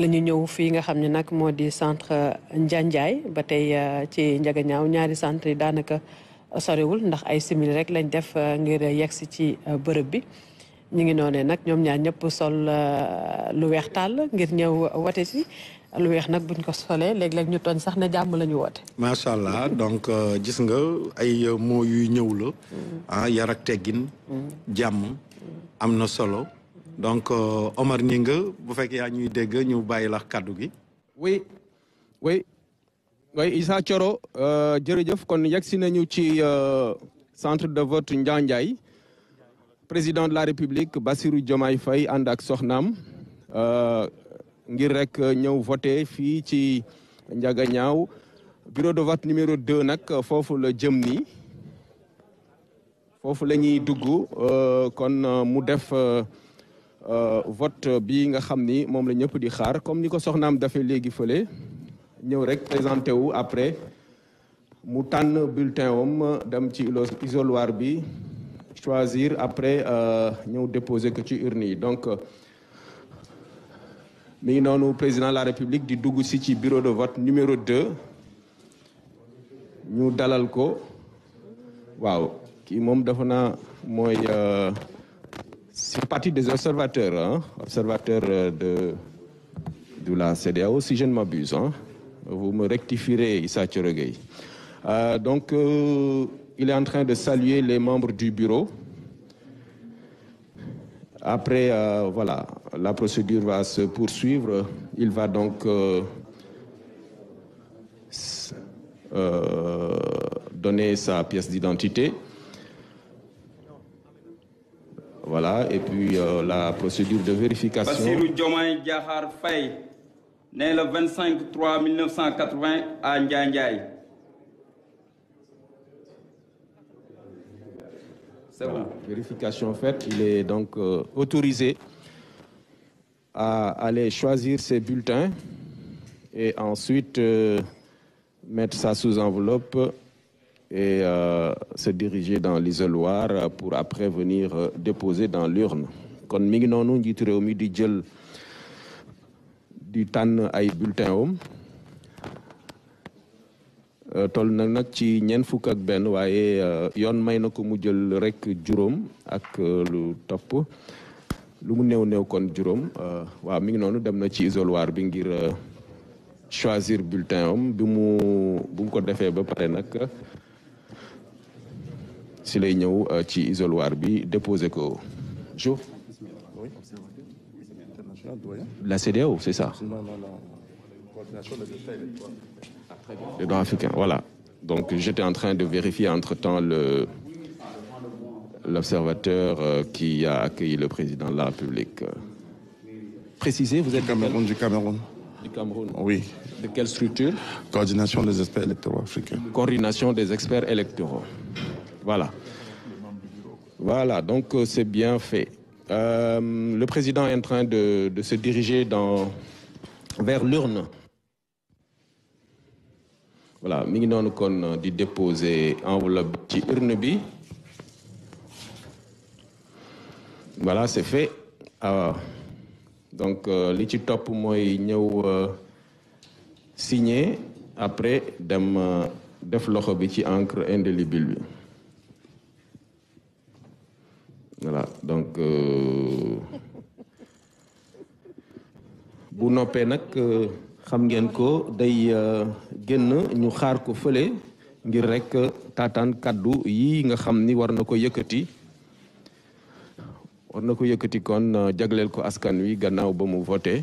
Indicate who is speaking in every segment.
Speaker 1: la ñu ñëw fii nga xam ne nag moo di centre Njanjaay ba tey euh, ci Njagañaaw ñaari centre yi daanaka sorewul ndax ay simili rek lañ def euh, ngir yegsi ci euh, bërëb bi ñu ngi noonee nag ñoom ñaar ñëpp sol lu weex tàll ngir ñëw wote si lu weex nag buñ ko solee léeg-léeg ñu toon sax ne jàmm la ñu woote.
Speaker 2: macha allah donc gis nga ay mots yuy ñëw la. Mm. ah yar ak teggin. Mm. jàmm am na solo. donc euh, Omar Gningue bu fekkee yaa ñuy dégg ñu bàyyi la kàddu gi. oui oui oui Issa Thioro euh, jërëjëf kon yegg si nañu ci euh, centre de vote Ndiandiaye président de la république Bassirou Diomaye Faye ànd ak soxnaam ngir rek ñëw voté fii ci Ndiaganiao bureau de vote numéro 2 nag foofu la jëm nii foofu la ñuy dugg kon mu def. Euh, vote bi nga xam ni moom la ñëpp di xaar comme ni ko soxnaam dafay léegi fële ñëw rek présenté wu après mu tànn bulletin wam dem ci isoloir bi choisir après euh, ñëw déposé ko ci urne yi donc euh, mi ngi noonu président de la république di dugg si ci bureau de vote numéro 2 ñu dalal ko waaw kii moom dafa na mooy C'est parti des observateurs, hein, observateurs euh, de, de la CDAO, si je ne m'abuse. Hein. Vous me rectifierez, Issa Tcheregueï. Euh, donc, euh, il est en train de saluer les membres du bureau. Après, euh, voilà, la procédure va se poursuivre. Il va donc euh, euh, donner sa pièce d'identité. Voilà, et puis euh, la procédure de vérification. Bassirou Diomaye Diakhar Faye, né le 25 3 1980 à Ndiaye. C'est donc euh, à aller choisir ses bulletins et ensuite euh, ça sous enveloppe et euh, se diriger dans l'isoloir pour après venir euh, dans l'urne kon mi ngi noonu njiitu réew mi di jël di tànn ay bulletin om euh, toll na nag ci ñeent fukk ak benn waaye euh, yoon may na ko mu jël rek juróom ak euh, lu topp lu mu néew néew kon juróom waaw mi ngi noonu dem na ci isoloir bi ngir choisir bulletin om bi mu bu ko defee ba pare nag si lay ñëw euh, ci isoloir bi déposer ko jo la CEDEAO c'est ça le droit africain voilà donc j'étais en train de vérifier entre-temps le l'observateur euh, qui a accueilli le président de la République. Euh. Précisez, vous êtes du Cameroun, du Cameroun. Du Cameroun. Oui. De quelle structure? Coordination des experts électoraux africains. Coordination des experts électoraux. Voilà. Voilà, donc euh, c'est bien fait. Euh, le président est en train de, de se diriger dans, vers l'urne. Voilà, mi ngi noonu kon di déposer enveloppe ci urne bi. Voilà, c'est fait. donc euh, li ci topp mooy ñëw euh, signer après dem def loxo bi ci encre indélébile bi. voilà donc euh, bu noppee nag euh, xam ngeen ko day euh, génn ñu xaar ko fële ngir rek taataan kàddu yi nga xam ni war na ko yëkkati war na ko yëkkati kon jagleel ko askan wi gannaaw ba mu voté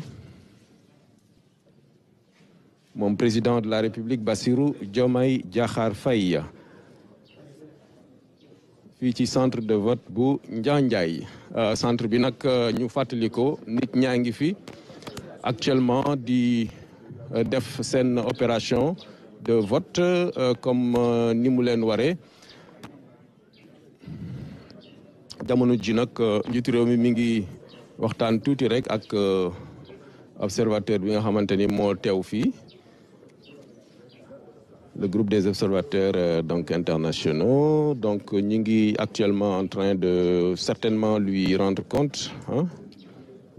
Speaker 2: moom président de la république Bassirou Diomaye Diakhar Faye fii ci centre de vote bu Ndiandiaye euh, centre bi nag euh, ñu fàttali ko nit ñaa ngi fi actuellement di euh, def seen opération de vote comme ni mu leen waree jamono ji nag njiitu mi mi ngi waxtaan tuuti rek ak observateur bi nga xamante ni moo teew fii le groupe des observateurs euh, donc internationaux. Donc, ñu ngi actuellement en train de certainement lui rendre compte hein,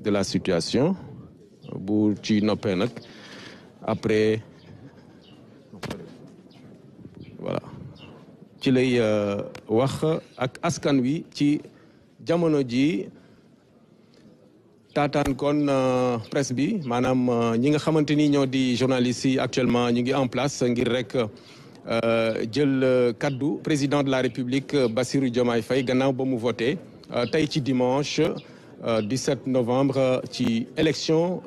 Speaker 2: de la situation. bu ci noppe nag Après, voilà. Ci lay euh, wax ak askan wi ci jamono ji taataan kon euh, presse bi maanaam euh, ñi nga xamante ni ñoo di journalistes yi actuellement ñu ngi en place ngir rek euh, jël kaddu président de la république Bassirou Diomaye fay gannaaw ba mu voté tey ci dimanche 17 novembre ci élection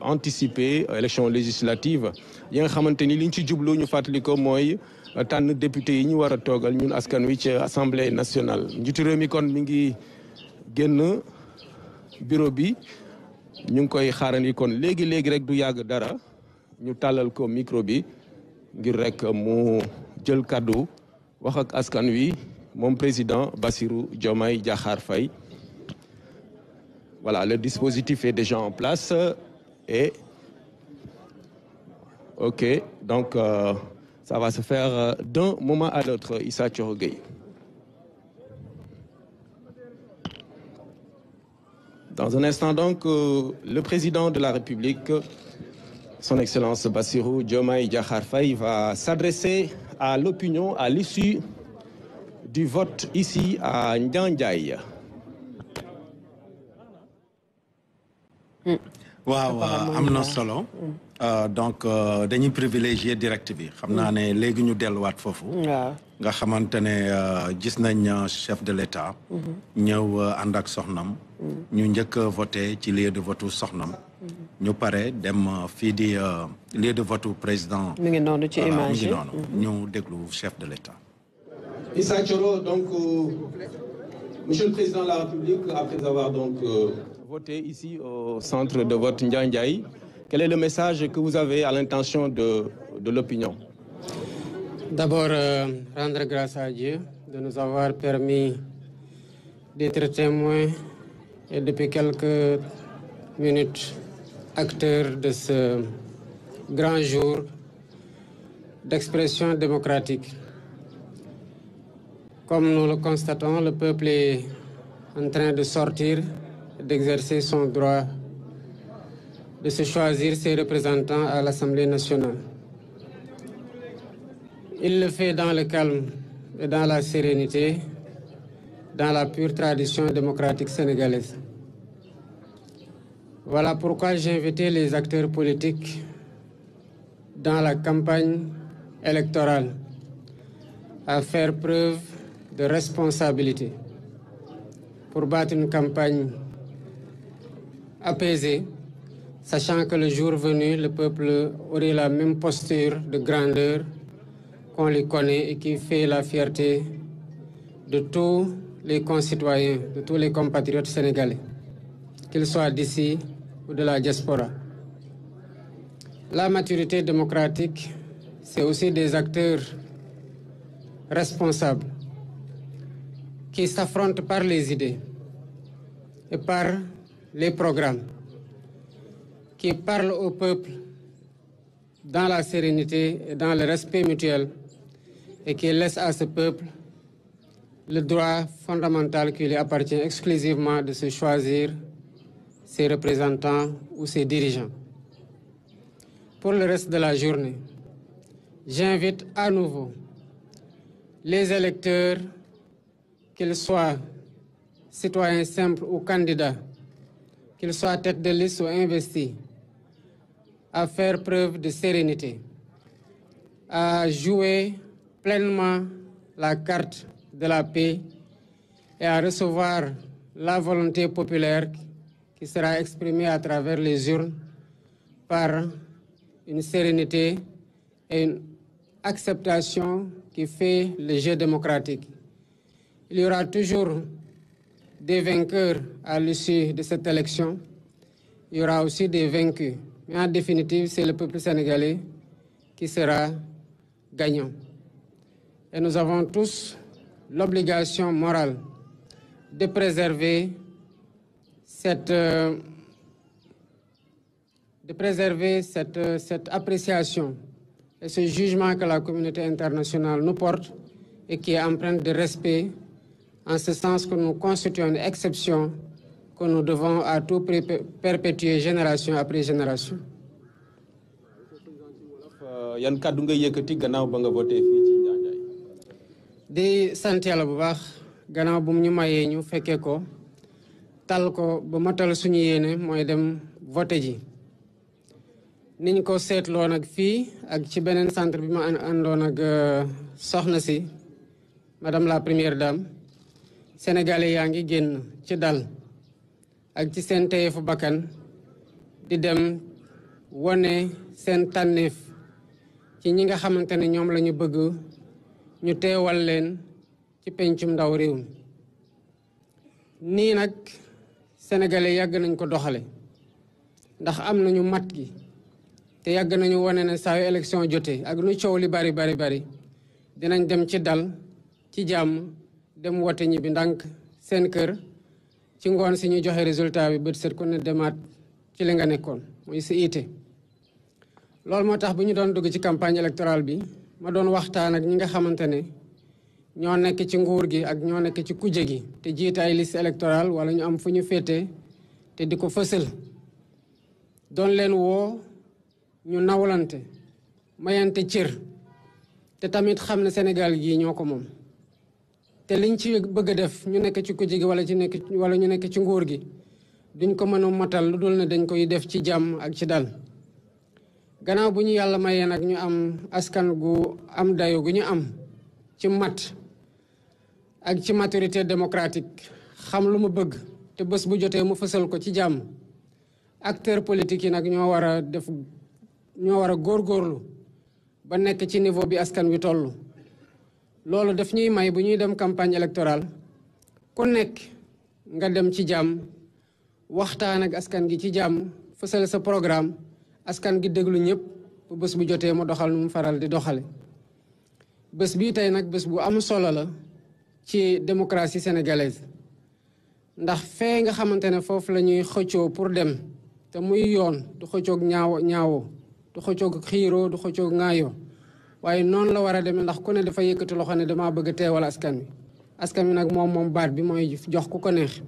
Speaker 2: anticipée élection législative yi nga xamante ni li ñu ci jublu ñu fàttali ko mooy tànn député yi ñu war a toogal ñun askan wi ci assemblée nationale njiitu mi kon mi ngi génn. bureau bi ñu ngi koy xaarandi kon léegi léegi rek du yàgg dara ñu tàllal ko micro bi ngir rek mu jël kàddu wax ak askan wi moom président bassiru Diomaye Diakhar fay voilà le dispositif est déjà en place et ok donc euh, ça va se faire d'un moment à l'autre Issa Thioro Gueye Dans un instant donc, euh, le président de la République, son Excellence Bassirou Diomaye Diakhar Faye, va s'adresser à l'opinion à l'issue du vote ici à Ndiandiaye. Hmm. waaw euh, am na solo. Hmm. Euh, donc dañuy privilégier direct bi. xam naa ne léegi ñu delluwaat foofu. Hmm. nga xamante ne euh, gis nañ euh, chef de l'État ñëw euh, ànd ak soxnam ñu njëkk a voté ci lieu de vote soxnam ñu pare dem fii di lieu de vote président
Speaker 1: mi ngi noonu ci image mi ngi noonu mhm.
Speaker 2: déglu chef de l'État Issa Thioro donc monsieur le président de la République après avoir donc voté ici au centre de vote Ndiandiaye quel est le message que vous avez à l'intention de de l'opinion
Speaker 1: D'abord, euh, rendre grâce à Dieu de nous avoir permis d'être témoins et depuis quelques minutes acteurs de ce grand jour d'expression démocratique. Comme nous le constatons, le peuple est en train de sortir, d'exercer son droit de se choisir ses représentants à l'Assemblée nationale. Il le fait dans le calme et dans la sérénité, dans la pure tradition démocratique sénégalaise. Voilà pourquoi j'ai invité les acteurs politiques dans la campagne électorale à faire preuve de responsabilité pour battre une campagne apaisée, sachant que le jour venu, le peuple aurait la même posture de grandeur qu'on les connaît et qui fait la fierté de tous les concitoyens, de tous les compatriotes sénégalais, qu'ils soient d'ici ou de la diaspora. La maturité démocratique, c'est aussi des acteurs responsables qui s'affrontent par les idées et par les programmes, qui parlent au peuple dans la sérénité et dans le respect mutuel et qui laisse à ce peuple le droit fondamental qui lui appartient exclusivement de se choisir ses représentants ou ses dirigeants. Pour le reste de la journée, j'invite à nouveau les électeurs, qu'ils soient citoyens simples ou candidats, qu'ils soient tête de liste ou investis, à faire preuve de sérénité, à jouer pleinement la carte de la paix et à recevoir la volonté populaire qui sera exprimée à travers les urnes par une sérénité et une acceptation qui fait le jeu démocratique. Il y aura toujours des vainqueurs à l'issue de cette élection. y aura aussi des vaincus. Mais en définitive, c'est le peuple sénégalais qui sera gagnant. et nous avons tous l'obligation morale de préserver cette, euh, de préserver cette, euh, cette appréciation et ce jugement que la communauté internationale nous porte et qui est empreinte de respect, en ce sens que nous constituons une exception que nous devons à tout prix perpétuer génération après génération.
Speaker 2: Euh, yan kàddu nga yëkkati gannaaw ba nga voté
Speaker 1: di sant la bu baax gannaaw bu ñu mayee ñu fekkee ko tal ko ba matal suñu yéene mooy dem vote ji niñ ko seetloo nag fii ak ci beneen centre bi ma àndoon ak euh, soxna si madame la première dame sénégalais yaa ngi génn ci dal ak ci seen teyeefu bakkan di dem wone seen tànneef ci ñi nga xamante ne ñoom lañu bëgg ñu teewal leen ci pencum ndaw réew mi nii nag sénégalais yàgg nañ ko doxale ndax am na ñu mat gi te yàgg nañu wane na saa yu jote ak nu coow li bari bari bari dinañ dem ci dal ci jàmm dem wote ñibbi ndànk seen kër ci ngoon si ñu joxe résultat bi bët set ku ne demaat ci li nga nekkoon muy si ite loolu moo tax bu ñu doon dugg ci campagne électorale bi ma doon waxtaan ak ñi nga xamante ne ñoo nekk ci nguur gi ak ñoo nekk ci kuje gi te jiite ay liste électorale wala ñu am fu ñu féete te di ko fësal doon leen woo ñu nawlante mayante cër te tamit xam ne senegal gii ñoo ko moom te liñ ci bëgg a def ñu nekk ci kuje gi wala ci nekk wala ñu nekk ci nguur gi duñ ko mën a matal lu dul ne dañ koy def ci jàmm ak ci dal gannaaw bu ñu yàlla mayee nag ñu am askan gu am dayo gu ñu am ci mat ak ci maturité démocratique xam lu mu bëgg te bés bu jotee mu fësal ko ci jàmm acteur politique yi nag ñoo war a def ñoo war a góorlu ba nekk ci niveau bi askan wi toll loolu def ñuy may bu ñuy dem campagne électorale ku nekk nga dem ci jàmm waxtaan ak askan gi ci jàmm fësal sa programme askan gi déglu ñëpp bu bés bu jotee mu doxal nu mu faral di doxale bés bii tey nag bés bu am solo la ci démocratie sénégalaise ndax fee nga xamante ne foofu la ñuy xëccoo pour dem te muy yoon du xëccoog ñaawo ñaawoo du xëccoog xiiroo du xëccoog ŋaayoo waaye noonu la war a demee ndax ku ne dafa yëkkati loxo ne damaa bëgg teewal askan wi askan wi nag moom moom baat bi mooy jox ku ko neex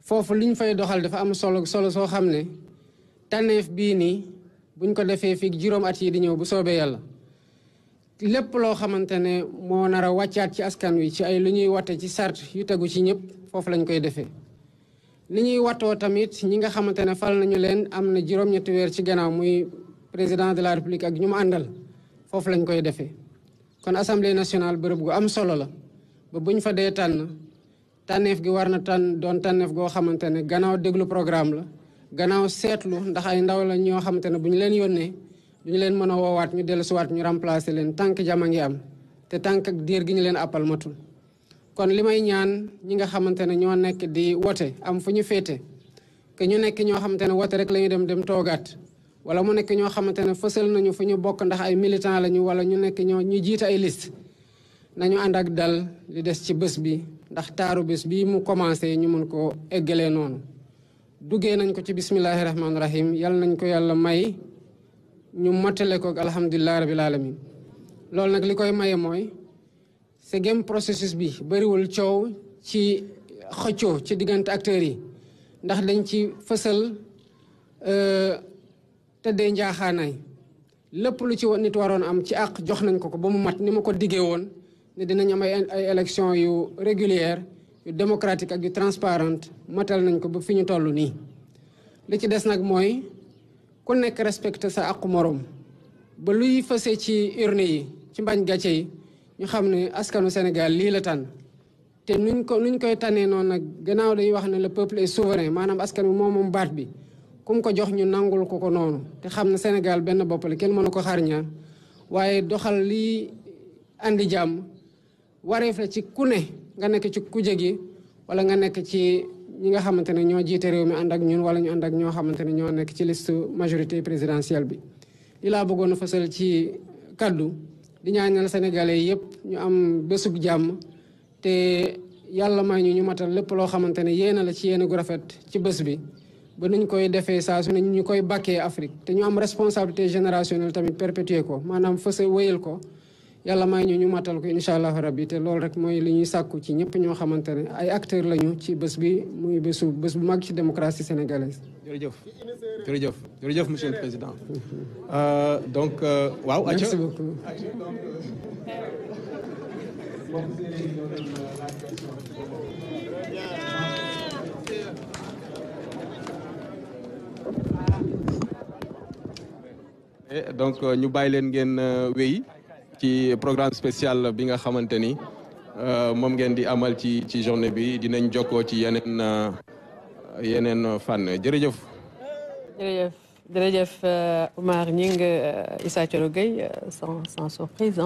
Speaker 1: foofu liñ fay doxal dafa am solo solo soo xam ne tànneef bii nii buñ ko defee fii juróom at yi di ñëw bu soobee yàlla lépp loo xamante ne moo nar a wàccaat ci askan wi ci ay lu ñuy watte ci sart yu tegu ci ñëpp foofu lañu koy defee li ñuy watoo tamit ñi nga xamante ne fal nañu leen am na juróom-ñetti weer ci gannaaw muy président de la république ak ñu mu àndal foofu lañ koy defee kon assamble nationale bërëb gu am solo la ba buñ fa dee tànn tànneef gi war na tànn doon tànneef goo xamante ne gannaaw déglu programme la gannaaw seetlu ndax ay ndaw la ñoo xamante ne bu ñu leen yónnee du ñu leen mën a woowaat ñu dellu siwaat ñu remplacer leen tànk jama ngi am te tànk ak diir gi ñu leen appal matul kon li may ñaan ñi nga xamante ne ñoo nekk di wote am fu ñu féete que ñu nekk ñoo xamante ne wote rek la dem dem toogaat wala mu nekk ñoo xamante ne fësal nañu fu ñu bokk ndax ay militant lañu wala ñu nekk ñoo ñu jiite ay liste nañu ànd ak dal li des ci bés bi ndax taaru bés bi mu commencé ñu mun ko eggalee noonu duggee nañ ko ci bismillahi rahmaani rahim yàlla nañ ko yàlla may ñu mottale ko ak alhamdulilah rabil alamin loolu nag li koy maye mooy segem processus bi bëriwul coow ci xëccoo ci diggante acteurs yi ndax dañ ci fësal euh, tëddee njaaxaanaay lépp lu ci nit waroon am ci àq jox nañ ko ko ba mu mat ni ma ko diggee woon ne dinañ am ay ay élection yu régulière yu démocratique ak yu transparente matal nañ ko ba fi ñu tollu nii li ci des nag mooy ku nekk respecté sa àqu moroom ba luy fëse ci urne yi ci mbañ gàcce yi ñu xam ne askanu senegal lii la tànn te nuñ ko nuñ koy tànnee noonu nag gannaaw day wax na la peuple est souverain maanaam askan wi moom moom baat bi ku mu ko jox ñu nangul ko ko noonu te xam ne Sénégal benn bopp la kenn mënu ko xaar ñaar waaye doxal lii andi jàmm wareef la ci ku nga nekk ci kuje gi wala nga nekk ci ñi nga xamante ne ñoo jiite réew mi ànd ak ñun wala ñu ànd ak ñoo xamante ne ñoo nekk ci liste majorité présidentielle bi li laa bëggoon a fësal ci kaddu di ñaanal sénégalais yëpp ñu am bésub jàmm te yàlla may ñu ñu matal lépp loo xamante ne yéena la ci yéen gu rafet ci bés bi ba nuñ koy defee saa su ne ñu koy bàkkee Afrique te ñu am responsabilité générationnelle tamit perpétuer ko maanaam fësal wéyal ko yàlla may ñu ñu matal ko incha allah rabbi te loolu rek mooy li ñuy sàkku ci ñëpp ñoo xamante ne ay acteurs lañu ci bës bi muy bésu bés bu mag ci démocratie sénégalaise.
Speaker 2: jërëjëf jërëjëf jërëjëf monsieur le président euh, donc euh, waaw. Euh, ñu bàyyi leen ngeen wéy. ci programme spécial bi nga xamante ni euh, moom ngeen di amal ci ci journée bi dinañ jokkoo ci yeneen euh, yeneen fànn jërëjëf.
Speaker 1: jërëjëf jërëjëf euh, Oumar Gningue Issa Thioro Gueye sans sans surprise